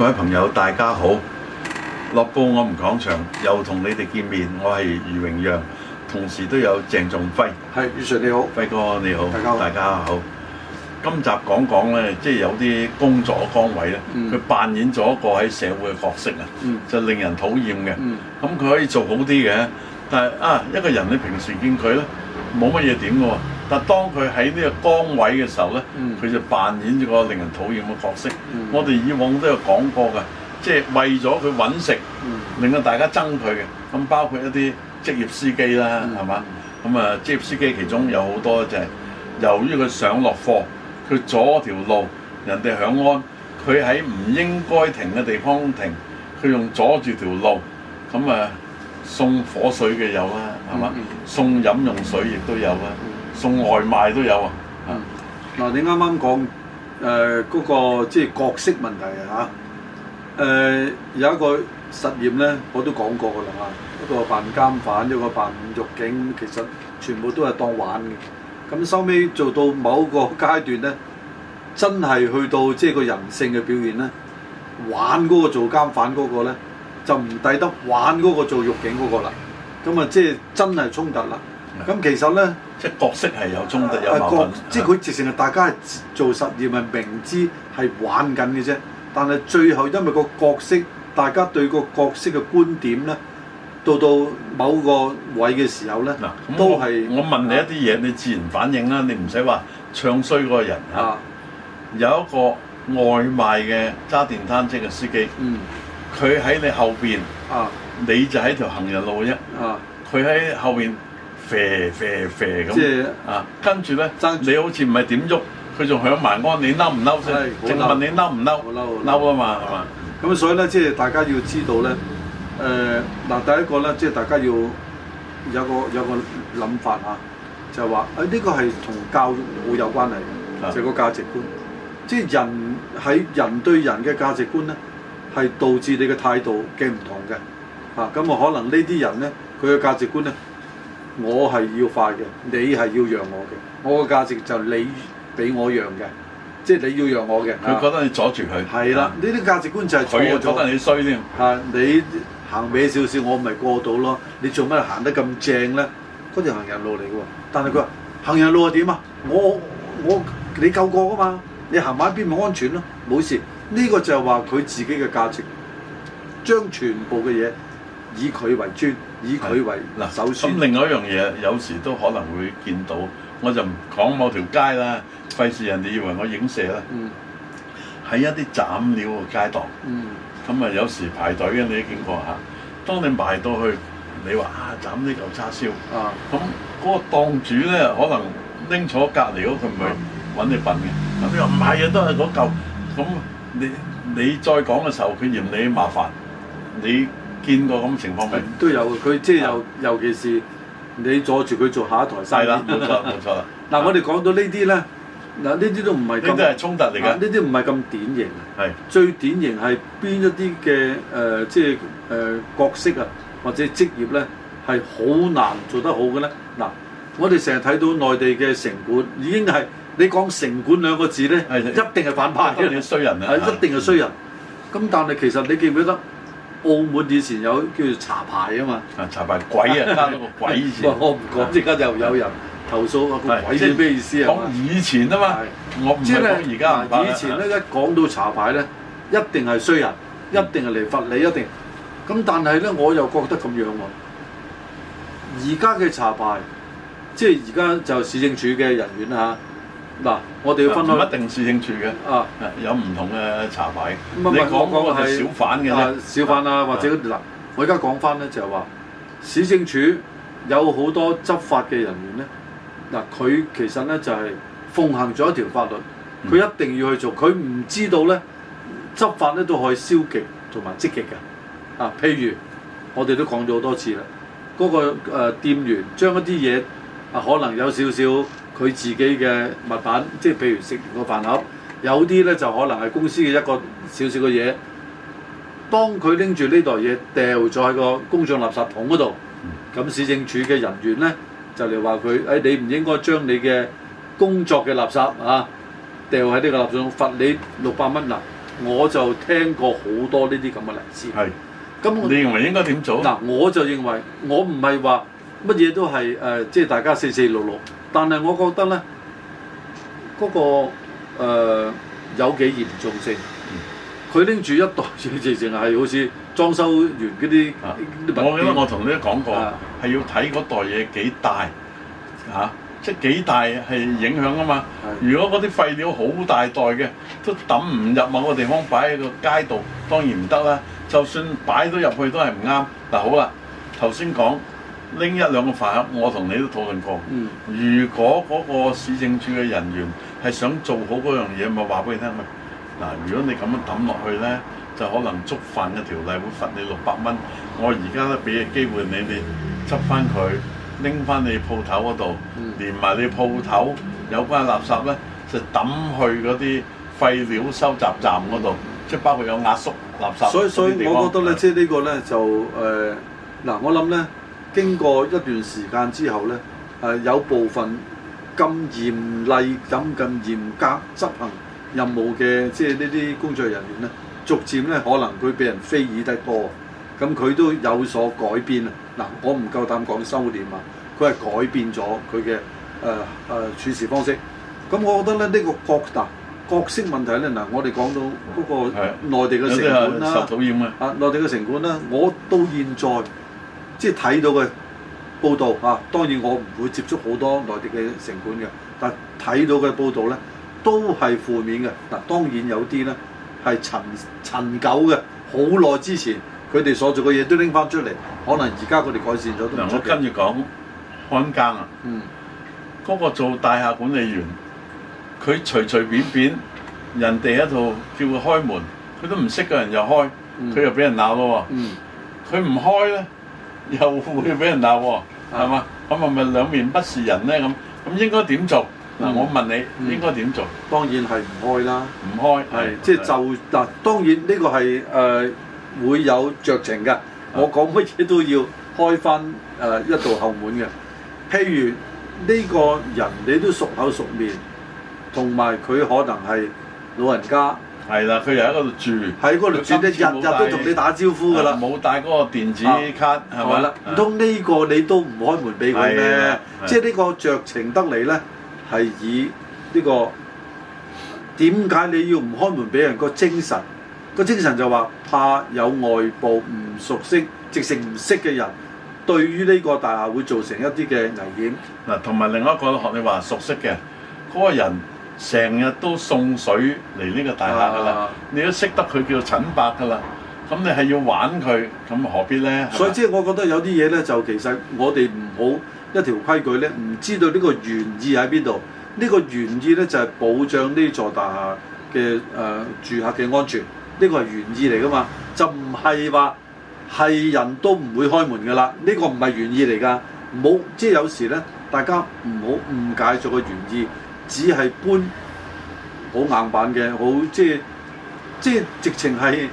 各位朋友，大家好！樂報我們講場，又同你哋見面，我係余榮陽，同時都有鄭仲輝。係余 Sir 你好，輝哥你好，大家好。今集講講咧，即係有啲工作嘅崗位咧，佢扮演咗一個喺社會嘅角色啊，就令人討厭嘅。咁佢可以做好啲嘅，但係啊，一個人你平時見佢咧，冇乜嘢點嘅。但當佢喺呢個崗位嘅時候呢，佢、嗯、就扮演咗個令人討厭嘅角色。嗯、我哋以往都有講過嘅，即、就、係、是、為咗佢揾食，嗯、令到大家憎佢嘅。咁包括一啲職業司機啦，係嘛、嗯？咁啊，職業司機其中有好多就係、是、由於佢上落貨，佢阻條路，人哋響安，安，佢喺唔應該停嘅地方停，佢用阻住條路。咁啊，送火水嘅有啊，係嘛？嗯嗯、送飲用水亦都有啊。嗯嗯嗯送外賣都有啊！嗱、嗯，你啱啱講誒嗰個即角色問題啊！誒、呃、有一個實驗呢，我都講過㗎啦嚇，一個扮監犯，一個扮獄警，其實全部都係當玩嘅。咁收尾做到某個階段呢，真係去到即個人性嘅表現呢。玩嗰個做監犯嗰、嗰個咧，就唔抵得玩嗰個做獄警嗰個啦。咁啊，即真係衝突啦！咁其實呢，即角色係有衝突有矛盾，即佢直情係大家係做實驗，係明知係玩緊嘅啫。但係最後因為個角色，大家對個角色嘅觀點呢，到到某個位嘅時候呢，都係我問你一啲嘢，啊、你自然反應啦。你唔使話唱衰嗰個人啊。有一個外賣嘅揸電單車嘅司機，佢喺、嗯、你後邊，啊、你就喺條行人路啫。佢喺、啊、後邊。啡啡啡咁啊，跟住咧，你好似唔係點喐，佢仲響埋安，你嬲唔嬲先？正問你嬲唔嬲？嬲啊嘛，係嘛？咁、啊嗯嗯、所以咧，即係大家要知道咧，誒嗱、嗯呃嗯，第一個咧，即、就、係、是、大家要有個有個諗法啊，就係話誒呢個係同教育好有關係嘅，就係、個價值觀。即係人喺人對人嘅價值觀咧，係導致你嘅態度嘅唔同嘅。啊，咁啊，可能呢啲人咧，佢嘅價值觀咧。我係要快嘅，你係要讓我嘅。我個價值就你俾我讓嘅，即係你要讓我嘅。佢覺得你阻住佢。係啦的，呢啲的價值觀就係阻我阻。得你衰添。係你行歪少少，我咪過到咯。你做乜行得咁正咧？嗰條行人路嚟嘅喎。但係佢話行人路又點啊？我我你夠過噶嘛？你行埋一邊咪安全咯、啊，冇事。呢、呢個就係話佢自己嘅價值，將全部嘅嘢。以佢為尊，以佢為嗱，首先咁，另外一樣嘢，有時都可能會見到，我就唔講某條街啦，費事人哋以為我影射啦。嗯，喺一啲斬料嘅街檔，嗯，咁啊有時排隊嘅，你經過下，當你埋到去，你話啊斬呢嚿叉燒，啊，咁嗰個檔主咧可能拎坐隔離嗰佢唔係揾你笨嘅，咁、嗯、你話唔係啊，都係嗰嚿，咁、嗯、你你再講嘅時候，佢嫌你麻煩，你。見過咁情況未？都有佢即係有，尤其是你阻住佢做下一台生意啦，冇錯冇錯。嗱，我哋講到呢啲咧，嗱呢啲都唔係咁，呢啲係衝突嚟㗎。呢啲唔係咁典型。係。最典型係邊一啲嘅誒，即係誒角色啊，或者職業咧，係好難做得好嘅咧。嗱，我哋成日睇到內地嘅城管已經係你講城管兩個字咧，一定係反派，一定係衰人啊，一定係衰人。咁但係其實你記唔記得？澳門以前有叫做查牌啊嘛，查牌，啊，查牌鬼啊，加 鬼 我唔講，即刻而又有人投訴啊 的個鬼，即係咩意思啊？講以前啊嘛，的我即係咧而家。以前咧、嗯、一講到查牌咧，一定係衰人，一定係嚟罰你，一定。咁但係咧，我又覺得咁樣喎、啊。而家嘅查牌，即係而家就，是、就市政署嘅人員啦、啊嗱，我哋要分開，啊、一定市政署嘅，啊，有唔同嘅查法。啊、你講嗰個係小販嘅、啊、小販啊，啊或者嗱，啊、我而家講翻咧就係話，啊、市政署有好多執法嘅人員咧，嗱、啊，佢其實咧就係奉行咗一條法律，佢、嗯、一定要去做，佢唔知道咧執法咧都可以消極同埋積極嘅，啊，譬如我哋都講咗好多次啦，嗰、嗰個店員將一啲嘢啊，可能有少少。佢自己嘅物品，即係譬如食完個飯盒，有啲呢就可能係公司嘅一個少少嘅嘢。當佢拎住呢袋嘢掉咗喺個公眾垃圾桶嗰度，咁市政署嘅人員呢，就嚟話佢，誒，你唔應該將你嘅工作嘅垃圾啊掉喺呢個垃圾桶，罰你六百蚊喇。我就聽過好多呢啲咁嘅例子。係，咁你認為應該點做？嗱，我就認為我唔係話乜嘢都係誒，即係大家四四六六。但係我覺得呢嗰、嗰個、呃、有幾嚴重性。佢拎住一袋嘢，淨係好似裝修完嗰啲。啊、我記得我同你講過，係、啊、要睇嗰袋嘢幾大嚇、啊，即係幾大係影響啊嘛。的如果嗰啲廢料好大袋嘅，都抌唔入某個地方擺喺個街度，當然唔得啦。就算擺到入去都係唔啱。嗱、啊、好啦，頭先講。拎一兩個飯盒，我同你都討論過。如果嗰個市政署嘅人員係想做好嗰樣嘢，咪話俾你聽佢嗱。如果你咁樣抌落去呢，就可能觸犯嘅條例會罰你六百蚊。我而家咧俾嘅機會你哋執翻佢，拎翻你鋪頭嗰度，連埋你鋪頭有關垃圾呢，就抌去嗰啲廢料收集站嗰度，即係包括有壓縮垃圾。所以所以，我覺得呢，即係呢個呢，就誒嗱、呃，我諗呢。經過一段時間之後呢，誒、呃、有部分咁嚴厲、咁咁嚴格執行任務嘅，即係呢啲工作人員呢，逐漸呢，可能佢俾人非議得多，咁、嗯、佢都有所改變啊！嗱，我唔夠膽講修煉啊，佢係改變咗佢嘅誒誒處事方式。咁、嗯、我覺得咧，呢、這個角色角色問題呢嗱，我哋講到嗰個內地嘅城管啦，討厭啊內地嘅城管啦，我到現在。即係睇到嘅報道啊，當然我唔會接觸好多內地嘅城管嘅，但係睇到嘅報道呢都係負面嘅。嗱、啊，當然有啲呢係陳陳舊嘅，好耐之前佢哋所做嘅嘢都拎翻出嚟，可能而家佢哋改善咗。嗱，我跟住講看更啊，嗰、嗯、個做大廈管理員，佢隨隨便便便，人哋一套叫佢開門，佢都唔識嘅人就開，佢又俾人鬧咯。佢唔、嗯嗯、開呢。 又會俾人鬧喎，係嘛？咁係咪兩面不是人呢？咁咁應該點做？嗱、啊，我問你、嗯、應該點做？當然係唔開啦，唔開係即係就嗱。的當然呢個係誒、呃、會有酌情嘅。我講乜嘢都要開翻誒、呃、一道後門嘅。譬如呢、呢個人你都熟口熟面，同埋佢可能係老人家。係啦，佢又喺嗰度住，喺嗰度住一日日都同你打招呼噶啦。冇、嗯、帶嗰個電子卡係咪啦？唔通呢個你都唔開門俾佢咩？即係呢個酌情得嚟呢，係以呢、呢個點解你要唔開門俾人？個精神、嗰個精神就話怕有外部唔熟悉、直情唔識嘅人，對於呢個大廈會造成一啲嘅危險。嗱、嗯，同埋另外一個學你話熟悉嘅嗰、嗰個人。成日都送水嚟呢個大廈噶啦，啊、你都識得佢叫做陳伯噶啦，咁你係要玩佢，咁何必呢？所以即係我覺得有啲嘢呢，就其實我哋唔好一條規矩呢，唔知道呢個原意喺邊度。呢、這個原意呢，就係、是、保障呢座大廈嘅誒、呃、住客嘅安全，呢、這個係原意嚟噶嘛。就唔係話係人都唔會開門噶啦，呢、這個唔係原意嚟噶。冇即係有時呢，大家唔好誤解咗個原意。只係搬好硬板嘅，好即係即係直情係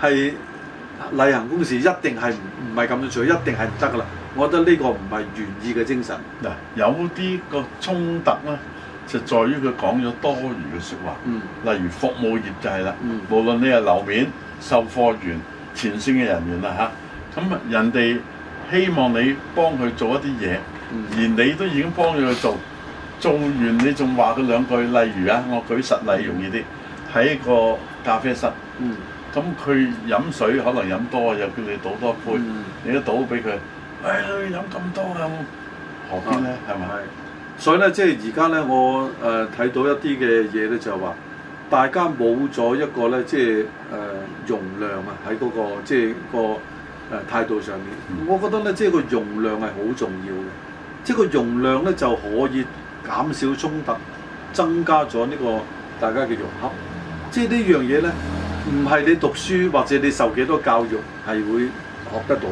係例行公事，一定係唔唔係咁樣做，一定係唔得噶啦。我覺得呢個唔係願意嘅精神嗱，有啲個衝突咧，就在於佢講咗多餘嘅説話，嗯、例如服務業就係啦，嗯、無論你係樓面售貨員、前線嘅人員啦嚇，咁、啊、人哋希望你幫佢做一啲嘢，嗯、而你都已經幫佢去做。做完你仲話佢兩句，例如啊，我舉實例容易啲，喺、嗯、一個咖啡室，嗯，咁佢飲水可能飲多，又叫你倒多杯，嗯、你都倒俾佢，唉、哎，飲咁多咁、嗯、何必咧？係咪、啊吧？所以咧，即係而家咧，我誒睇到一啲嘅嘢咧，就話大家冇咗一個咧，即係誒、呃、容量啊、那個，喺嗰個即係個誒態度上面，我覺得咧，即係個容量係好重要嘅，即係個容量咧就可以。減少衝突，增加咗呢個大家嘅融合，即係呢樣嘢呢，唔係你讀書或者你受幾多教育係會學得到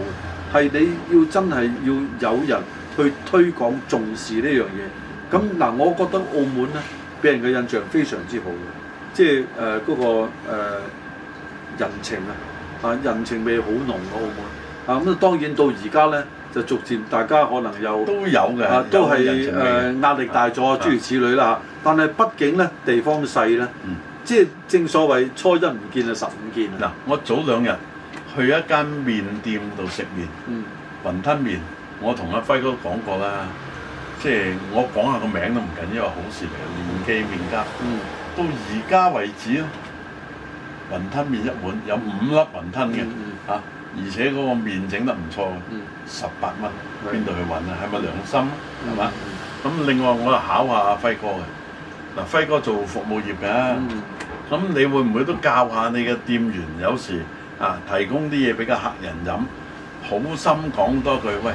嘅，係你要真係要有人去推廣重視呢樣嘢。咁嗱，我覺得澳門呢，俾人嘅印象非常之好，即係誒嗰個、呃、人情啊，啊人情味好濃嘅澳門。啊咁，當然到而家呢。就逐漸大家可能有都有嘅，啊，都係誒、呃、壓力大咗，的諸如此類啦嚇。但係畢竟咧地方細咧，的即係正所謂初一唔見就十五見啊！嗱，嗯，我早兩日去一間麵店度食麵，雲吞麵，我同阿輝哥講過啦，即係我講下個名都唔緊要，好事嚟嘅，聯記麵家。到而家為止咯，雲吞麵一碗有五粒雲吞嘅嚇。嗯嗯嗯嗯而且嗰個麵整得唔錯，十八蚊，邊度去揾啊？係咪良心？係嘛？咁另外我考考下阿輝哥嘅，嗱，輝哥做服務業嘅，咁你會唔會都教下你嘅店員？有時啊，提供啲嘢俾個客人飲，好心講多句喂。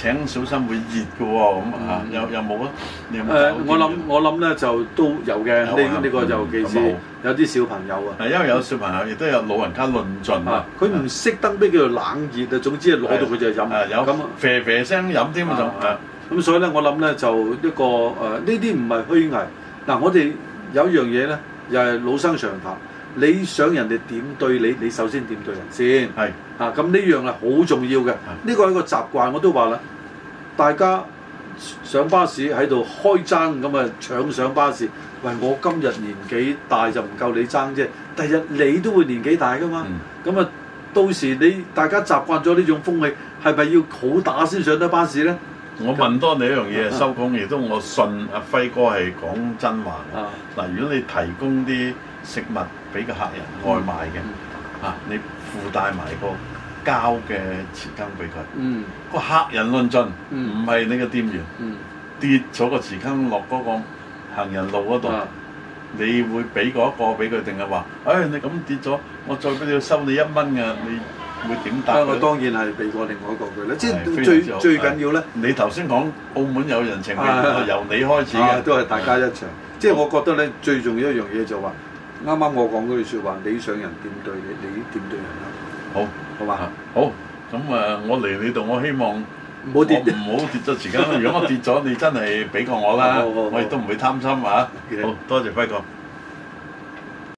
請小心會熱㗎喎，咁、嗯、啊、嗯，有有冇啊？誒、嗯，我諗我諗咧就都有嘅，呢呢個就其次，嗯、有啲小朋友啊，係因為有小朋友亦都有老人家論盡、嗯、啊，佢唔識得咩叫做冷熱啊，總之啊攞到佢就飲，咁啡啡聲飲添啊，咁所以咧我諗咧就一、呢個誒呢啲唔係虛偽，嗱、啊、我哋有一樣嘢咧又係老生常談。你想人哋點對你，你首先點對人先係是啊！咁呢樣係好重要嘅。呢個是一個習慣，我都話啦，大家上巴士喺度開爭咁啊，搶上巴士。喂，我今日年紀大就唔夠你爭啫，第日你都會年紀大噶嘛。咁、嗯、啊，到時你大家習慣咗呢種風氣，係咪要好打先上得巴士呢？我問多你一樣嘢，收工亦都我信阿輝哥係講真話。嗱、嗯，如果你提供啲食物俾個客人外賣嘅，呀你附帶埋個膠嘅匙羹俾佢。個客人論盡，唔係你個店員跌咗個匙羹落嗰個行人路嗰度，你會俾嗰個俾佢定係話：哎，你咁跌咗，我再俾你收你一蚊㗎，你會點答？我當然係俾個另外一個佢啦。即係最最緊要咧，你頭先講澳門有人情味，由你開始嘅，都係大家一場。即係我覺得咧，最重要一樣嘢就話。啱啱我講嗰句説話，你想人點對你，你點對人呀？好，好嘛？Okay. 好，咁誒，我嚟你度，我希望唔好跌，唔好跌咗時間。如果我跌咗，你真係俾過我啦，我亦都唔會貪心㗎。好多謝輝哥。